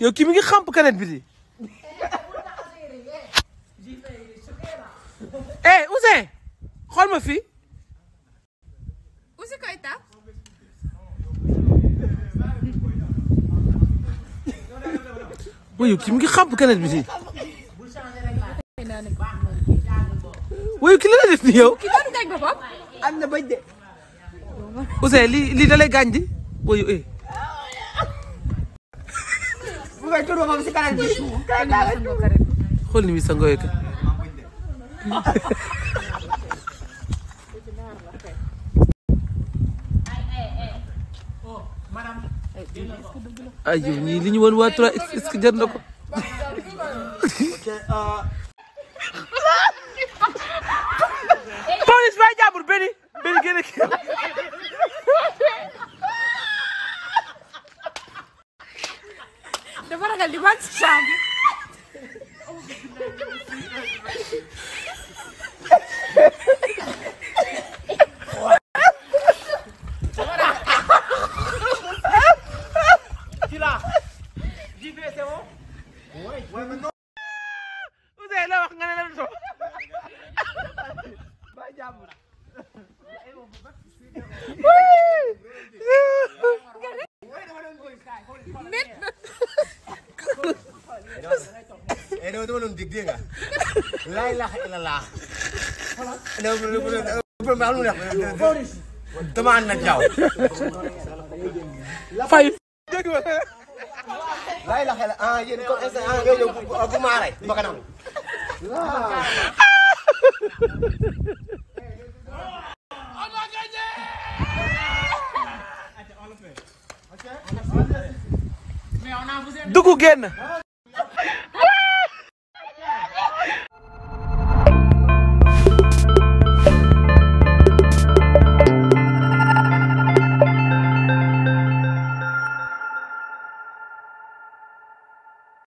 yow kii mi ngi xamp kanet bi di eh, eh Ouzin xool ma fii Ouzin Keita waaye yow kii mi ngi xamp kanet bi di waaye ki la la def ni yow am na bañ de Ouzin lii lii da lay gaañ di waaye eh ngay tudd foofu si benni benni gën dafa ragal di wàcc chambre. Woo! eh dama dama doon dig dégg nga laay laax ila laax. dama ànd ak jaww. fay. laay laax ila ah yéen comme instant ah ngay ñëw bu maa rey ba kanam. dugg génn.